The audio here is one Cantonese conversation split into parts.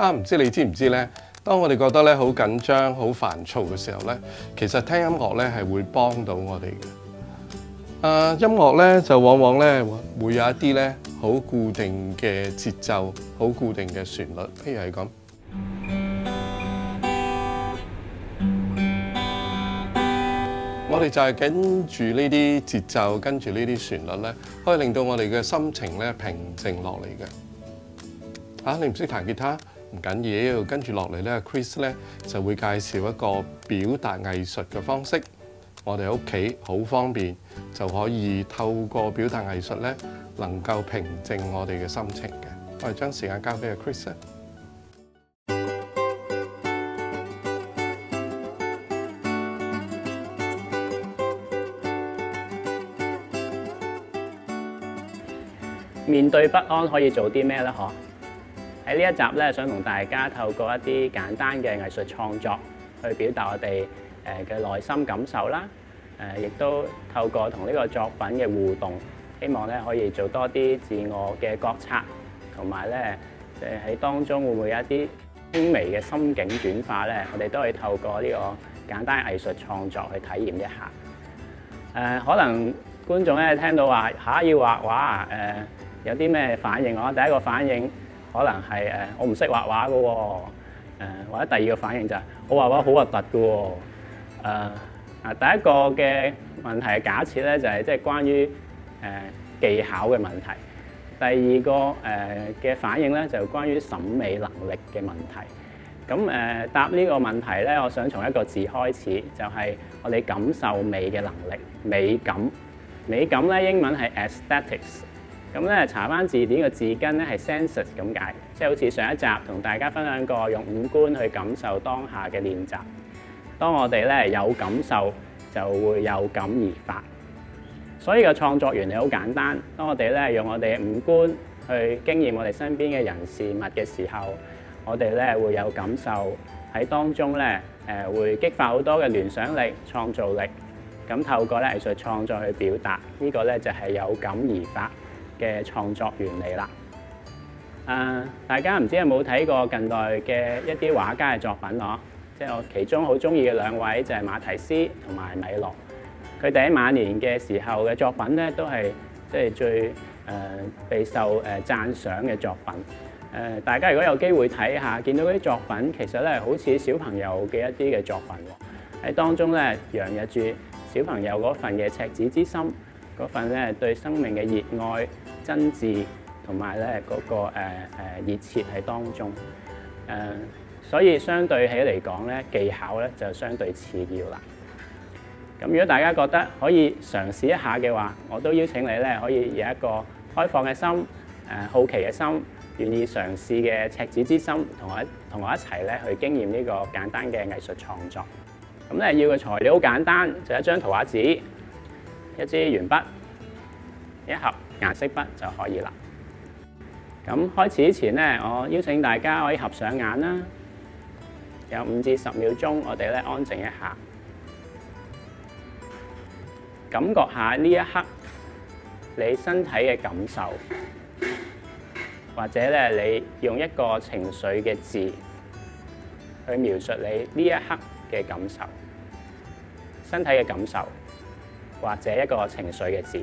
啊！唔知你知唔知咧？當我哋覺得咧好緊張、好煩躁嘅時候咧，其實聽音樂咧係會幫到我哋嘅，啊。音樂咧就往往咧會有一啲咧好固定嘅節奏、好固定嘅旋律，譬如係咁、嗯。我哋就係跟住呢啲節奏、跟住呢啲旋律咧，可以令到我哋嘅心情咧平靜落嚟嘅。啊！你唔識彈吉他？唔緊要，跟住落嚟咧，Chris 咧就會介紹一個表達藝術嘅方式。我哋喺屋企好方便，就可以透過表達藝術咧，能夠平靜我哋嘅心情嘅。我哋將時間交俾阿 Chris 咧。面對不安可以做啲咩咧？嗬？喺呢一集咧，想同大家透過一啲簡單嘅藝術創作，去表達我哋誒嘅內心感受啦。誒，亦都透過同呢個作品嘅互動，希望咧可以做多啲自我嘅覺察，同埋咧誒喺當中會唔會有一啲輕微嘅心境轉化咧？我哋都可以透過呢個簡單藝術創作去體驗一下。誒，可能觀眾咧聽到話嚇要畫畫，誒有啲咩反應？我第一個反應。可能係誒我唔識畫畫㗎喎、哦，或者第二個反應就係、是、我畫畫好核突㗎喎，啊、呃、第一個嘅問題係假設咧就係即係關於誒、呃、技巧嘅問題，第二個誒嘅、呃、反應咧就關於審美能力嘅問題。咁誒、呃、答呢個問題咧，我想從一個字開始，就係、是、我哋感受美嘅能力，美感，美感咧英文係 aesthetics。咁咧，查翻字典嘅字根咧，係 senses 咁解，即係好似上一集同大家分享過用五官去感受當下嘅練習。當我哋咧，有感受，就會有感而發。所以個創作原理好簡單，當我哋咧，用我哋嘅五官去經驗我哋身邊嘅人事物嘅時候，我哋咧會有感受喺當中咧，誒會激發好多嘅聯想力、創造力。咁透過咧藝術創作去表達，呢個咧就係有感而發。嘅創作原理啦，誒、uh，大家唔知有冇睇過近代嘅一啲畫家嘅作品咯、啊，即係我其中好中意嘅兩位就係馬提斯同埋米羅，佢第一晚年嘅時候嘅作品咧，都係即係最誒、呃、備受誒、呃、讚賞嘅作品。誒、呃，大家如果有機會睇下，見到啲作，作品，其實咧好似小朋友嘅一啲嘅作品喎，喺當中咧洋溢住小朋友嗰份嘅赤子之心，嗰份咧對生命嘅熱愛。真摯同埋咧嗰個誒、誒熱切喺當中誒，所以相對起嚟講咧，技巧咧就相對次要啦。咁如果大家覺得可以嘗試一下嘅話，我都邀請你咧可以有一個開放嘅心誒、好奇嘅心，願意嘗試嘅赤子之心，同我同我一齊咧去經驗呢個簡單嘅藝術創作。咁咧要嘅材料好簡單，就一張圖畫紙、一支鉛筆、一盒顏色筆就可以啦。咁開始之前呢，我邀請大家可以合上眼啦，有五至十秒鐘，我哋咧安靜一下，感覺下呢一刻你身體嘅感受，或者咧你用一個情緒嘅字去描述你呢一刻嘅感受，身體嘅感受或者一個情緒嘅字。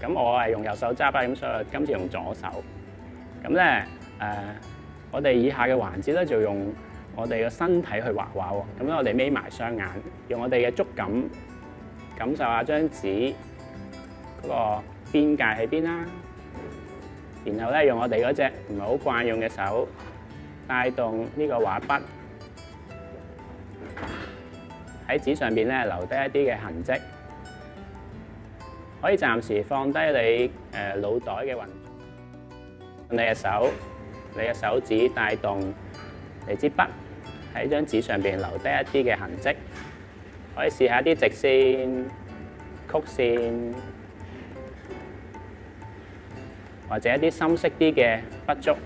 咁我係用右手揸筆，咁所以今次用左手。咁咧，誒、呃，我哋以下嘅環節咧就用我哋嘅身體去畫畫喎。咁咧，我哋眯埋雙眼，用我哋嘅觸感感受下張紙嗰個邊界喺邊啦。然後咧，用我哋嗰隻唔係好慣用嘅手，帶動呢個畫筆喺紙上邊咧，留低一啲嘅痕跡。可以暫時放低你誒腦袋嘅運，你嘅手、你嘅手指帶動你支筆喺張紙上邊留低一啲嘅痕跡。可以試下啲直線、曲線，或者一啲深色啲嘅筆觸、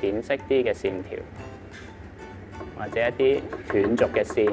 淺色啲嘅線條，或者一啲斷續嘅線。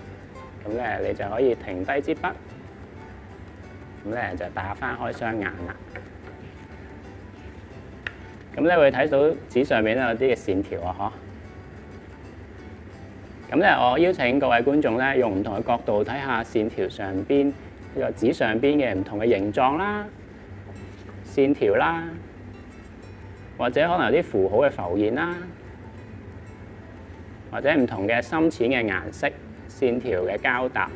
咁咧，你就可以停低支筆，咁咧就打翻開雙眼啦。咁咧會睇到紙上面咧有啲嘅線條啊，嗬。咁咧，我邀請各位觀眾咧，用唔同嘅角度睇下線條上邊，呢個紙上邊嘅唔同嘅形狀啦、線條啦，或者可能有啲符號嘅浮現啦，或者唔同嘅深淺嘅顏色。線條嘅交搭，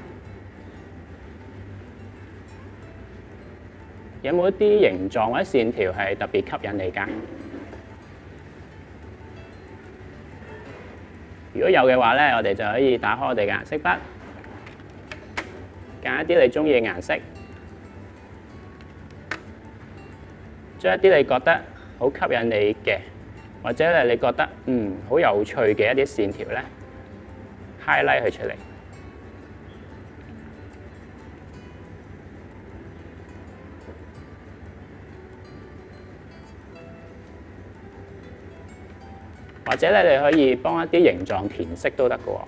有冇一啲形狀或者線條係特別吸引你㗎？如果有嘅話呢，我哋就可以打開我哋嘅顏色筆，揀一啲你中意嘅顏色，將一啲你覺得好吸引你嘅，或者咧你覺得嗯好有趣嘅一啲線條呢，highlight 佢出嚟。或者你可以幫一啲形狀填色都得嘅喎。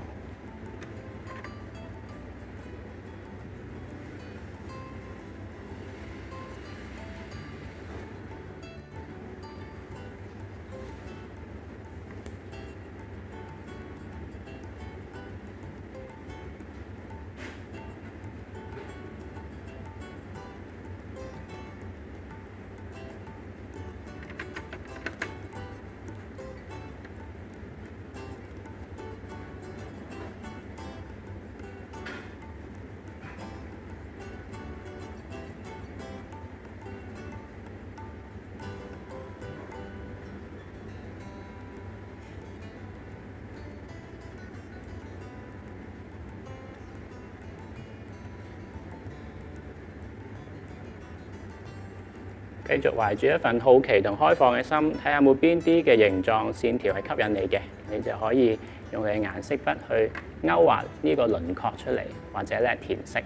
繼續懷住一份好奇同開放嘅心，睇下有冇邊啲嘅形狀線條係吸引你嘅，你就可以用你嘅顏色筆去勾畫呢個輪廓出嚟，或者咧填色。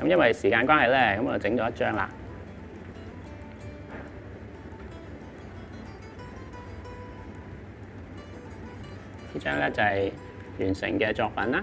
咁因為時間關係咧，咁我就整咗一張啦，呢張咧就係完成嘅作品啦。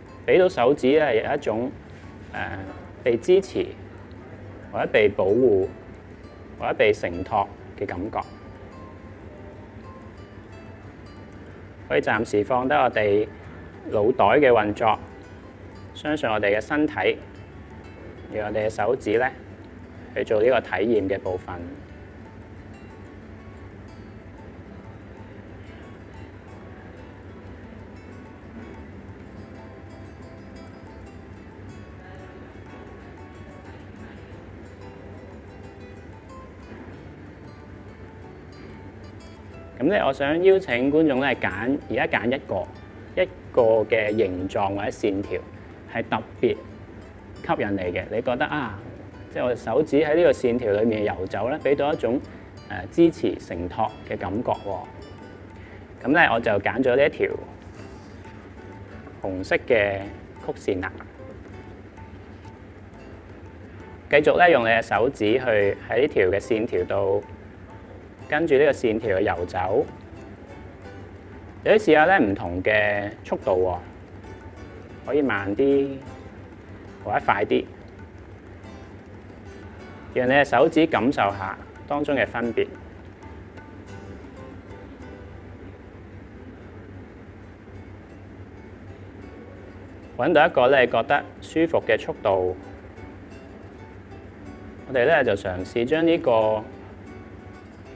俾到手指咧，有一種誒、呃、被支持或者被保護或者被承托嘅感覺，可以暫時放低我哋腦袋嘅運作，相信我哋嘅身體，用我哋嘅手指咧去做呢個體驗嘅部分。咁咧，我想邀請觀眾咧，係揀而家揀一個一個嘅形狀或者線條係特別吸引你嘅。你覺得啊，即係我手指喺呢個線條裏面遊走咧，俾到一種誒支持承托嘅感覺喎。咁咧，我就揀咗呢一條紅色嘅曲線啦。繼續咧，用你嘅手指去喺呢條嘅線條度。跟住呢個線條去遊走，有啲試下咧，唔同嘅速度，可以慢啲，或者快啲，讓你嘅手指感受下當中嘅分別，搵到一個你覺得舒服嘅速度，我哋咧就嘗試將呢個。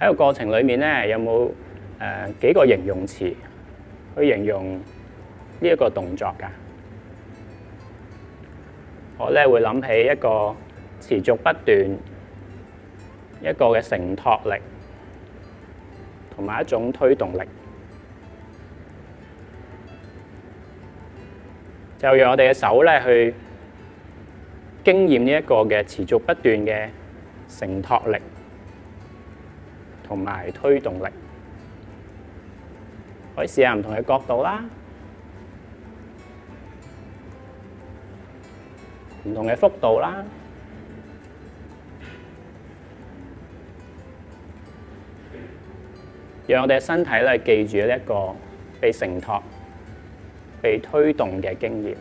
喺個過程裏面咧，有冇誒幾個形容詞去形容呢一個動作㗎？我咧會諗起一個持續不斷、一個嘅承托力，同埋一種推動力，就讓我哋嘅手咧去經驗呢一個嘅持續不斷嘅承托力。同埋推動力，可以試下唔同嘅角度啦，唔同嘅幅度啦，讓我哋嘅身體咧記住呢一個被承托、被推動嘅經驗。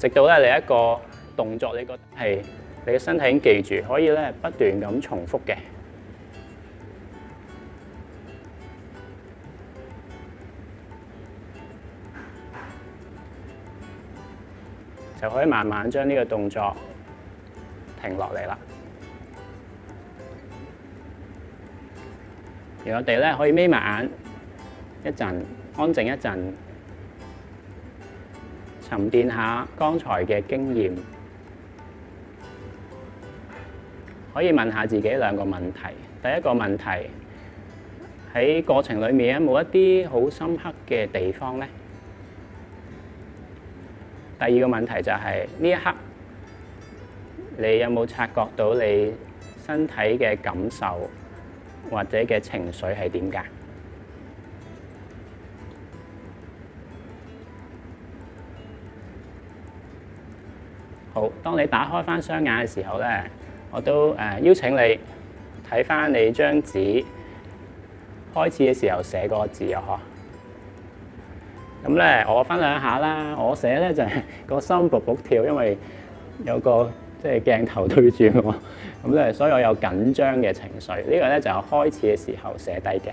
直到咧你一個動作，你覺得係你嘅身體已經記住，可以咧不斷咁重複嘅，就可以慢慢將呢個動作停落嚟啦。而我哋咧可以眯埋眼一陣，安靜一陣。沉澱下剛才嘅經驗，可以問下自己兩個問題。第一個問題，喺過程裏面有冇一啲好深刻嘅地方呢？第二個問題就係呢一刻，你有冇察覺到你身體嘅感受或者嘅情緒係點㗎？好，當你打開翻雙眼嘅時候咧，我都誒邀請你睇翻你張紙開始嘅時候寫嗰個字啊！嚇，咁咧我分享下啦，我寫咧就係個心卜卜跳，因為有個即係鏡頭對住我，咁咧所以我有緊張嘅情緒。呢個咧就係開始嘅時候寫低嘅。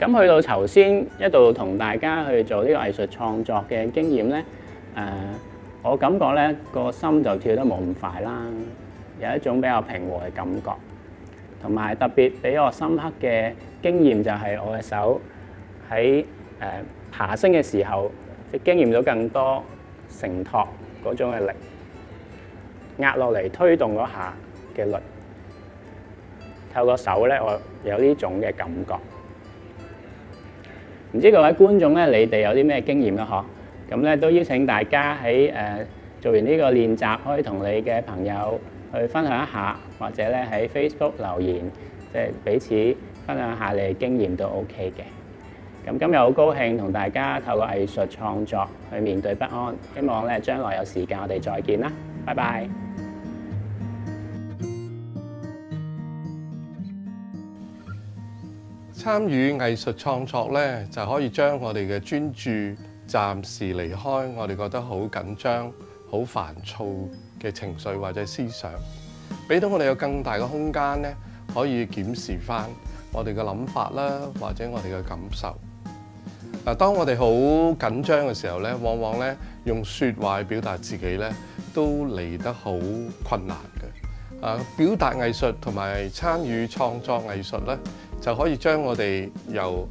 咁去到頭先一度同大家去做呢個藝術創作嘅經驗咧。誒，我感覺咧個心就跳得冇咁快啦，有一種比較平和嘅感覺，同埋特別俾我深刻嘅經驗就係我嘅手喺誒爬升嘅時候，即經驗到更多承托嗰種嘅力，壓落嚟，推動嗰下嘅力，透過手咧我有呢種嘅感覺，唔知各位觀眾咧，你哋有啲咩經驗啦？嗬？咁咧都邀請大家喺誒做完呢個練習，可以同你嘅朋友去分享一下，或者咧喺 Facebook 留言，即係彼此分享下你嘅經驗都 OK 嘅。咁今日好高興同大家透過藝術創作去面對不安，希望咧將來有時間我哋再見啦，拜拜。參與藝術創作咧，就可以將我哋嘅專注，暫時離開，我哋覺得好緊張、好煩躁嘅情緒或者思想，俾到我哋有更大嘅空間咧，可以檢視返我哋嘅諗法啦，或者我哋嘅感受。嗱、啊，當我哋好緊張嘅時候咧，往往咧用説話表達自己咧，都嚟得好困難嘅。啊，表達藝術同埋參與創作藝術咧，就可以將我哋由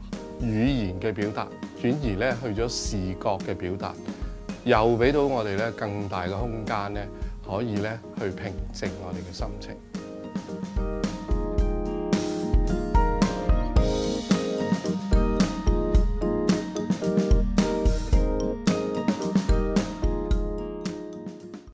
語言嘅表達，轉移咧去咗視覺嘅表達，又俾到我哋更大嘅空間可以去平靜我哋嘅心情。